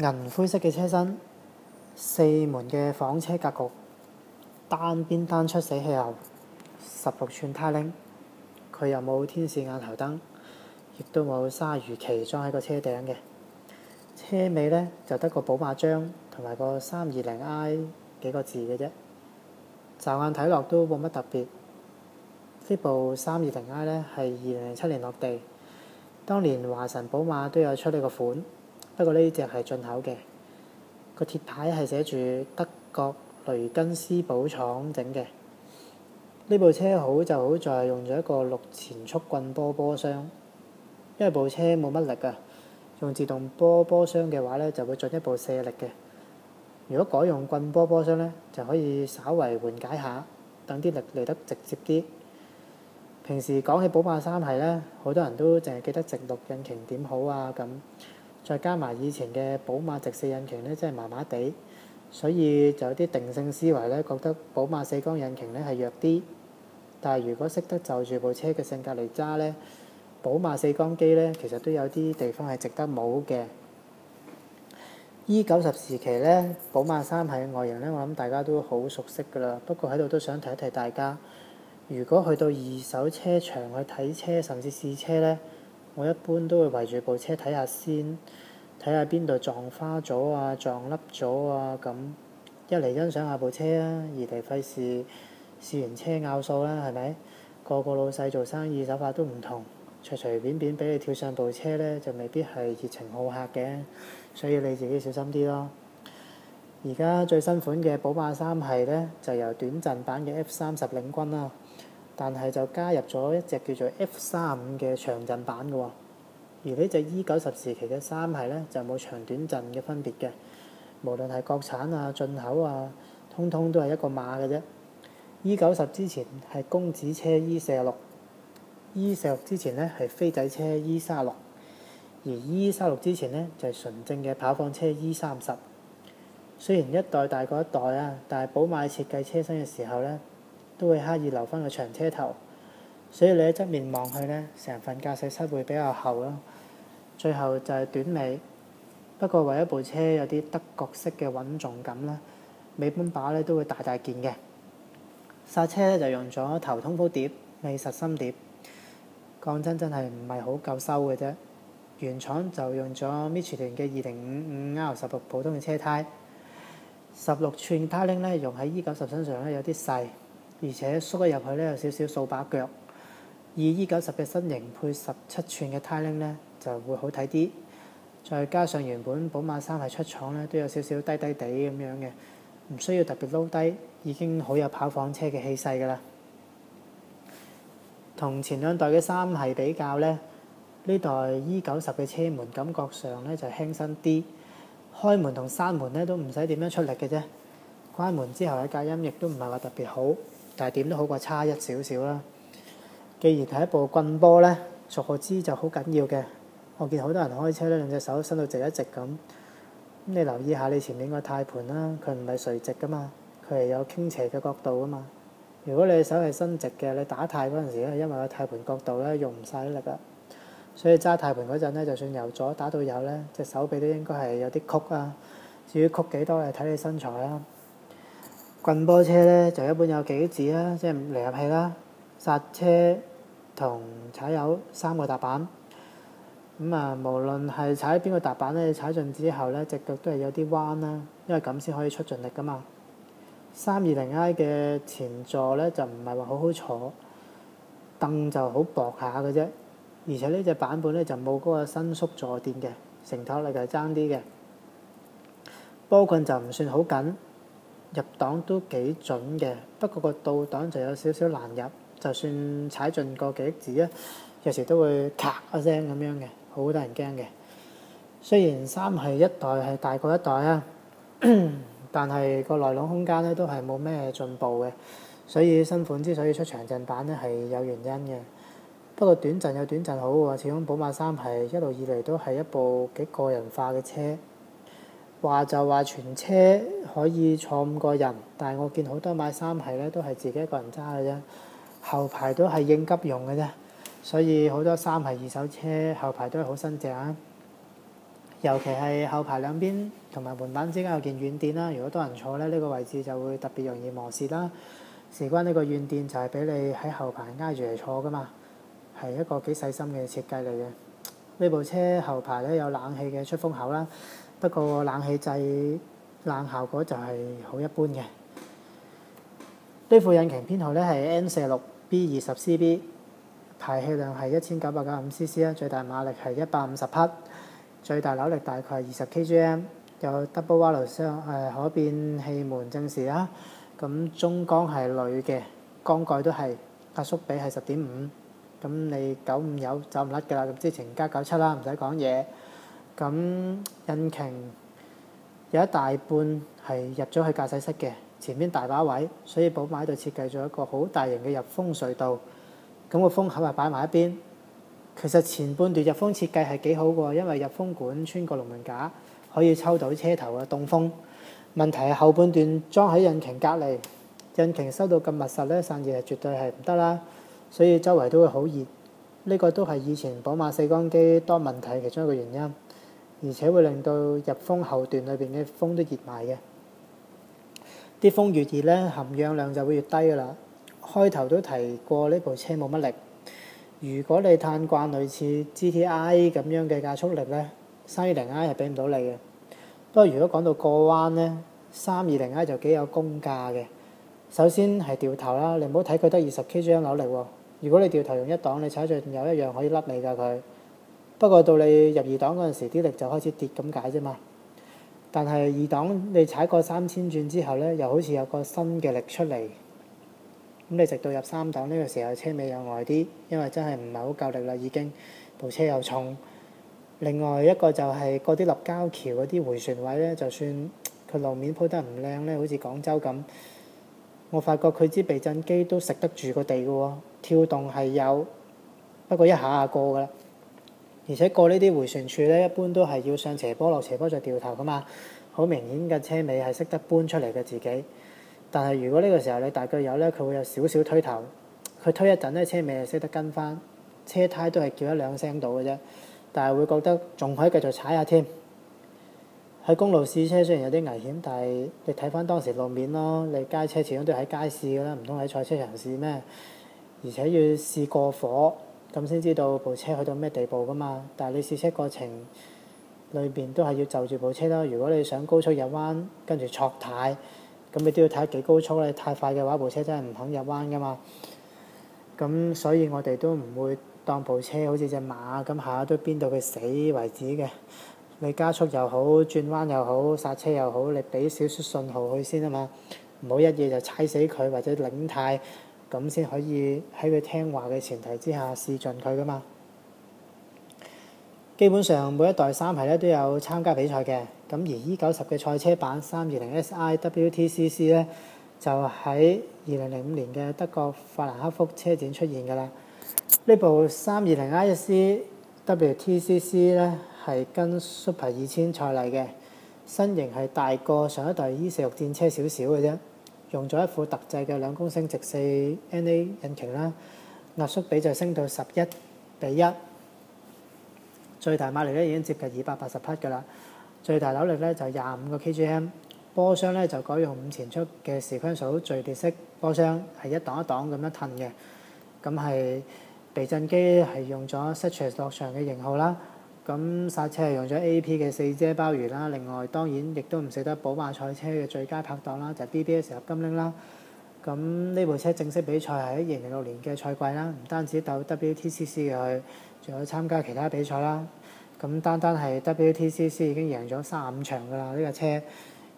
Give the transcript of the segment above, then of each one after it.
銀灰色嘅車身，四門嘅房車格局，單邊單出死氣喉，十六寸呔鈴，佢又冇天使眼頭燈，亦都冇鯊魚鰭裝喺個車頂嘅。車尾呢，就得個寶馬章同埋個三二零 i 幾個字嘅啫，乍眼睇落都冇乜特別。呢部三二零 i 呢，係二零零七年落地，當年華晨寶馬都有出呢個款。不過呢只係進口嘅，個鐵牌係寫住德國雷根斯堡廠整嘅。呢部車好就好在用咗一個六前速棍波波箱，因為部車冇乜力㗎。用自動波波箱嘅話呢，就會進一步卸力嘅。如果改用棍波波箱呢，就可以稍為緩解下，等啲力嚟得直接啲。平時講起寶馬三系呢，好多人都淨係記得直六引擎點好啊咁。再加埋以前嘅寶馬直四引擎咧，真係麻麻地，所以就有啲定性思維咧，覺得寶馬四缸引擎咧係弱啲。但係如果識得就住部車嘅性格嚟揸咧，寶馬四缸機咧其實都有啲地方係值得冇嘅。E 九十時期咧，寶馬三系嘅外形咧，我諗大家都好熟悉㗎啦。不過喺度都想提一提大家，如果去到二手車場去睇車，甚至試車咧。我一般都會圍住部車睇下先，睇下邊度撞花咗啊，撞凹咗啊，咁一嚟欣賞下部車啊，二嚟費事試完車拗數啦，係咪？個個老細做生意手法都唔同，隨隨便便俾你跳上部車呢，就未必係熱情好客嘅，所以你自己小心啲咯。而家最新款嘅寶馬三系呢，就由短陣版嘅 F 三十領軍啦。但係就加入咗一隻叫做 F 三五嘅長陣版嘅喎，而呢隻 E 九十時期嘅三系咧就冇長短陣嘅分別嘅，無論係國產啊、進口啊，通通都係一個碼嘅啫。E 九十之前係公子車 E 四六，E 四六之前呢係飛仔車 E 三六，而 E 三六之前呢就係、是、純正嘅跑房車 E 三十。雖然一代大過一代啊，但係寶馬設計車身嘅時候呢。都會刻意留翻個長車頭，所以你喺側面望去呢，成份駕駛室會比較厚咯。最後就係短尾，不過為一部車有啲德國式嘅穩重感啦。尾泵把呢都會大大件嘅，煞車呢就用咗頭通風碟、尾實心碟。講真真係唔係好夠收嘅啫。原廠就用咗 Michelin 嘅二零五五 R 十六普通嘅車胎，十六寸呔鈴呢用喺 E 九十身上呢，有啲細。而且縮咗入去咧有少少掃把腳，而 E 九十嘅身型配十七寸嘅 Tiling 咧就會好睇啲，再加上原本寶馬三系出廠咧都有少少低低地咁樣嘅，唔需要特別撈低，已經好有跑房車嘅氣勢㗎啦。同前兩代嘅三系比較咧，呢代 E 九十嘅車門感覺上咧就輕身啲，開門同閂門咧都唔使點樣出力嘅啫，關門之後嘅隔音亦都唔係話特別好。但係點都好過差一少少啦。既然係一部棍波呢，熟坐姿就好緊要嘅。我見好多人開車呢，兩隻手伸到直一直咁。你留意下你前面個胎盤啦，佢唔係垂直噶嘛，佢係有傾斜嘅角度噶嘛。如果你手係伸直嘅，你打太嗰陣時咧，因為個胎盤角度咧用唔晒力啊。所以揸太盤嗰陣咧，就算由左打到右咧，隻手臂都應該係有啲曲啊。至於曲幾多，係睇你身材啦、啊。棍波車咧就一般有幾指啦，即係離合器啦、剎車同踩油三個踏板。咁、嗯、啊，無論係踩邊個踏板咧，踩盡之後咧，隻腳都係有啲彎啦，因為咁先可以出盡力噶嘛。三二零 I 嘅前座咧就唔係話好好坐，凳就好薄下嘅啫。而且呢隻版本咧就冇嗰個伸縮坐墊嘅，承托力係爭啲嘅。波棍就唔算好緊。入檔都幾準嘅，不過個倒檔就有少少難入，就算踩進個幾億字咧，有時都會咔一聲咁樣嘅，好得人驚嘅。雖然三系一代係大過一代啦，但係個內籠空間咧都係冇咩進步嘅，所以新款之所以出長陣版咧係有原因嘅。不過短陣有短陣好喎，始終寶馬三系一路以嚟都係一部幾個人化嘅車。話就話全車可以坐五個人，但係我見好多買三系咧，都係自己一個人揸嘅啫。後排都係應急用嘅啫，所以好多三系二手車後排都係好新淨啊。尤其係後排兩邊同埋門板之間有件軟墊啦。如果多人坐咧，呢個位置就會特別容易磨蝕啦。事關呢個軟墊就係俾你喺後排挨住嚟坐噶嘛，係一個幾細心嘅設計嚟嘅。呢部車後排咧有冷氣嘅出風口啦。不過冷氣製冷效果就係好一般嘅。呢副引擎編號咧係 N 四六 B 二十 CB，排氣量係一千九百九十五 CC 啊，最大馬力係一百五十匹，最大扭力大概係二十 KGM。有 Double Valve 雙誒可變氣門正時啦。咁中缸係鋁嘅，缸蓋都係，壓縮比係十點五。咁你九五油走唔甩㗎啦，咁之前加九七啦，唔使講嘢。咁引擎有一大半係入咗去駕駛室嘅，前面大把位，所以寶馬喺度設計咗一個好大型嘅入風隧道。咁個風口啊擺埋一邊，其實前半段入風設計係幾好嘅，因為入風管穿過龍門架可以抽到車頭嘅凍風。問題係後半段裝喺引擎隔離，引擎收到咁密實咧，散熱係絕對係唔得啦，所以周圍都會好熱。呢個都係以前寶馬四缸機多問題其中一個原因。而且會令到入風後段裏邊嘅風都熱埋嘅，啲風越熱咧，含氧量就會越低噶啦。開頭都提過呢部車冇乜力，如果你嘆慣類似 GTI 咁樣嘅加速力咧，三二零 I 係俾唔到你嘅。不過如果講到過彎咧，三二零 I 就幾有功架嘅。首先係掉頭啦，你唔好睇佢得二十 kgm 扭力喎。如果你掉頭用一檔，你踩着有一樣可以甩你㗎佢。不過到你入二檔嗰陣時，啲力就開始跌咁解啫嘛。但係二檔你踩過三千轉之後呢，又好似有個新嘅力出嚟。咁你直到入三檔呢個時候，車尾又外啲，因為真係唔係好夠力啦，已經部車又重。另外一個就係嗰啲立交橋嗰啲迴旋位呢，就算佢路面鋪得唔靚呢，好似廣州咁，我發覺佢支避震機都食得住個地嘅喎，跳動係有，不過一下下過㗎啦。而且過呢啲回旋處咧，一般都係要上斜坡落、落斜坡再掉頭噶嘛，好明顯嘅車尾係識得搬出嚟嘅自己。但係如果呢個時候你大腳油咧，佢會有少少推頭，佢推一陣咧，車尾就識得跟翻，車胎都係叫一兩聲到嘅啫，但係會覺得仲可以繼續踩下添。喺公路試車雖然有啲危險，但係你睇翻當時路面咯，你街車始終都係喺街市試噶啦，唔通喺賽車場試咩？而且要試過火。咁先知道部車去到咩地步噶嘛，但係你試車過程裏邊都係要就住部車啦。如果你想高速入彎，跟住駛軚，咁你都要睇幾高速咧。你太快嘅話，部車真係唔肯入彎噶嘛。咁所以我哋都唔會當部車好似隻馬咁，下下都鞭到佢死為止嘅。你加速又好，轉彎又好，剎車又好，你俾少少信號佢先啊嘛，唔好一嘢就踩死佢或者擰軚。咁先可以喺佢聽話嘅前提之下試盡佢噶嘛。基本上每一代三系咧都有參加比賽嘅，咁而 E 九十嘅賽車版三二零 SI WTCC 咧就喺二零零五年嘅德國法蘭克福車展出現噶啦。呢部三二零 IC WTCC 咧係跟 Super 二千賽嚟嘅，身形係大過上一代 E 四六戰車少少嘅啫。用咗一副特製嘅兩公升直四 NA 引擎啦，壓縮比就升到十一比一，最大馬力咧已經接近二百八十匹㗎啦，最大扭力咧就廿五個 KgM，波箱咧就改用五前速嘅四缸數序列式波箱，係一檔一檔咁樣騰嘅，咁係避震機係用咗 Sachs 落場嘅型號啦。咁剎車係用咗 A.P. 嘅四隻鮑魚啦，另外當然亦都唔捨得寶馬賽車嘅最佳拍檔啦，就係 B.B.S. 合金鈴啦。咁呢部車正式比賽係喺二零零六年嘅賽季啦，唔單止鬥 W.T.C.C. 嘅，佢，仲有參加其他比賽啦。咁單單係 W.T.C.C. 已經贏咗三五場㗎啦，呢架車。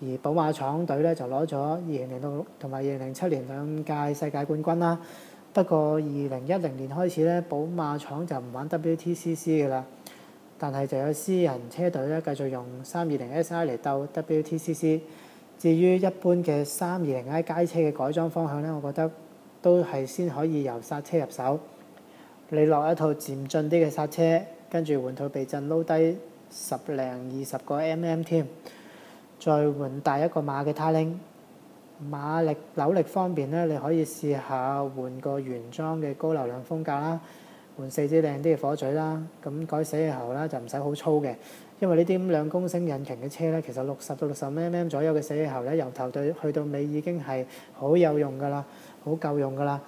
而寶馬廠隊咧就攞咗二零零六同埋二零零七年兩屆世界冠軍啦。不過二零一零年開始咧，寶馬廠就唔玩 W.T.C.C. 嘅啦。但係就有私人車隊咧，繼續用三二零 SI 嚟鬥 WTCC。至於一般嘅三二零 I 街車嘅改裝方向咧，我覺得都係先可以由煞車入手。你落一套漸進啲嘅煞車，跟住換套避震，撈低十零二十個 mm 添，再換大一個碼嘅軚鈴。馬力扭力方面咧，你可以試下換個原裝嘅高流量風隔啦。換四支靚啲嘅火嘴啦，咁改死氣喉啦，就唔使好粗嘅，因為呢啲咁兩公升引擎嘅車咧，其實六十到六十 mm 左右嘅死氣喉咧，由頭到去到尾已經係好有用㗎啦，好夠用㗎啦。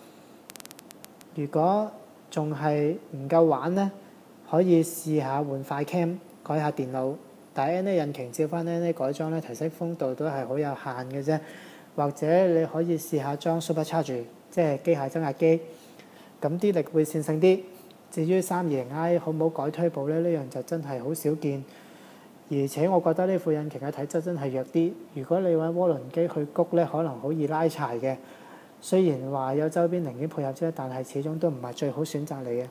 如果仲係唔夠玩咧，可以試下換快 cam，改下電腦，但係 NA 引擎照返 NA 改裝咧，提升風度都係好有限嘅啫。或者你可以試下裝 super charger，即係機械增壓機，咁啲力會線性啲。至於三爺 I 好唔好改推步咧，呢樣就真係好少見。而且我覺得呢副引擎嘅體質真係弱啲。如果你揾渦輪機去谷呢，可能好易拉柴嘅。雖然話有周邊零件配合啫，但係始終都唔係最好選擇嚟嘅。